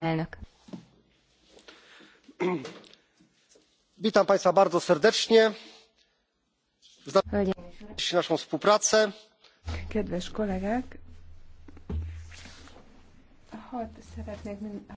elnök! witam państwa bardzo serdecznie. naszą współpracę. kedves kollégák! hat szeretnék